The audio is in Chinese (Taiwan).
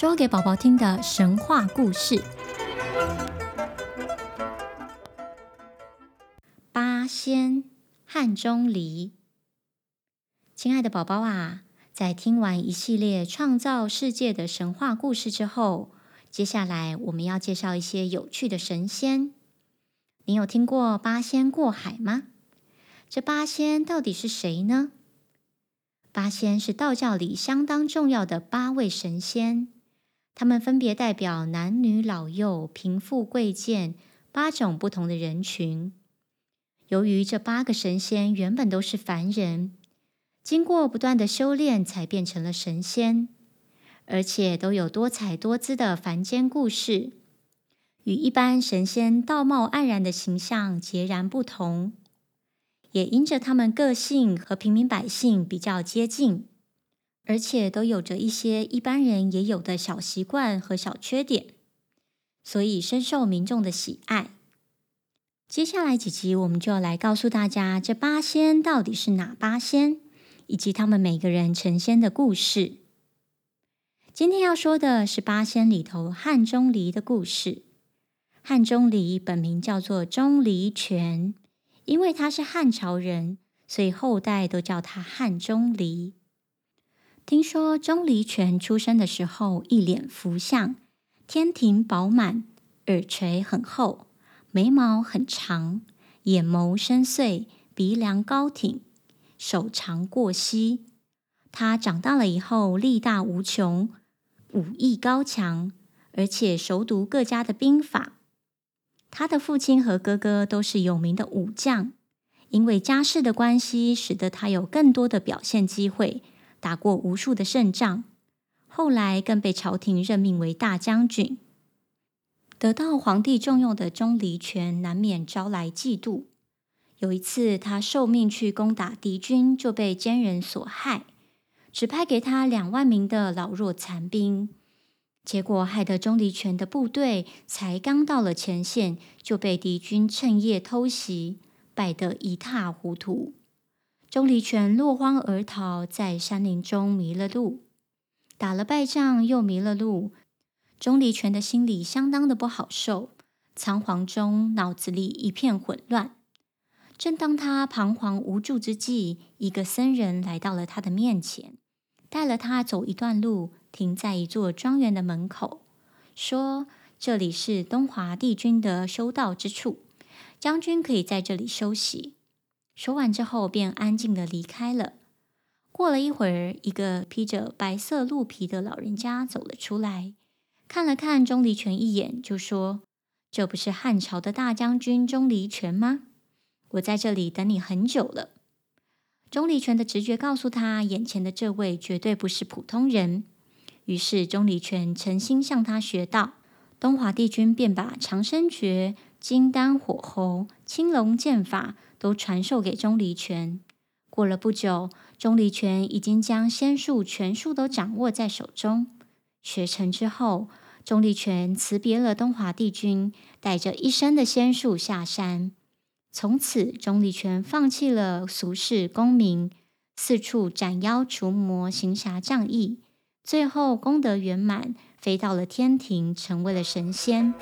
說給寶寶聽的神話故事：八仙漢鍾離。親愛的寶寶啊，在聽完一系列創造世界的神話故事之後，接下來我們要介紹一些有趣的神仙。你有聽過八仙過海嗎？這八仙到底是誰呢？八仙是道教裡相當重要的八位神仙。他們分別代表男女老幼、貧富貴賤八種不同的人群。由於這八個神仙原本都是凡人，經過不斷的修煉才變成了神仙，而且都有多彩多姿的凡間故事，與一般神仙道貌岸然的形象截然不同，也因着他們個性和平民百姓比較接近。而且都有着一些一般人也有的小習慣和小缺點，所以深受民眾的喜愛。接下來幾集，我們就要來告訴大家這八仙到底是哪八仙，以及他們每個人成仙的故事。今天要說的是八仙裡頭漢鍾離的故事。漢鍾離本名叫做鍾離權，因為他是漢朝人，所以後代都叫他漢鍾離。聽說鍾離權出生的時候一臉福相，天庭飽滿，耳垂很厚，眉毛很長，眼眸深邃，鼻梁高挺，手長過膝。他長大了以後力大無窮，武藝高強，而且熟讀各家的兵法。他的父親和哥哥都是有名的武將，因為家世的關係，使得他有更多的表現機會。打過無數的勝仗，後來更被朝廷任命為大將軍，得到皇帝重用的鍾離權，難免招來嫉妒。有一次，他受命去攻打敵軍，就被奸人所害。只派給他兩萬名的老弱殘兵，結果害得鍾離權的部隊才剛到了前線，就被敵軍趁夜偷襲，敗得一塌糊塗。鍾離權落荒而逃，在山林中迷了路，打了敗仗又迷了路。鍾離權的心裡相當的不好受，倉皇中腦子裡一片混亂。正當他彷徨無助之際，一個僧人來到了他的面前，帶了他走一段路，停在一座莊園的門口，說：“這裡是東華帝君的修道之處，將軍可以在這裡休息。”說完之後，便安靜地離開了。過了一會兒，一個披着白色鹿皮的老人家走了出來，看了看鍾離權一眼，就說：“這不是漢朝的大將軍鍾離權嗎？我在這裡等你很久了。”鍾離權的直覺告訴他，眼前的這位絕對不是普通人。於是，鍾離權誠心向他學道，東華帝君便把長生訣。金丹火候、青龍劍法都傳授給鍾離權。過了不久，鍾離權已經將仙術全數都掌握在手中。學成之後，鍾離權辭別了東華帝君，帶着一身的仙術下山。從此，鍾離權放棄了俗世功名，四處斬妖除魔，行俠仗義。最後功德圓滿，飛到了天庭，成為了神仙。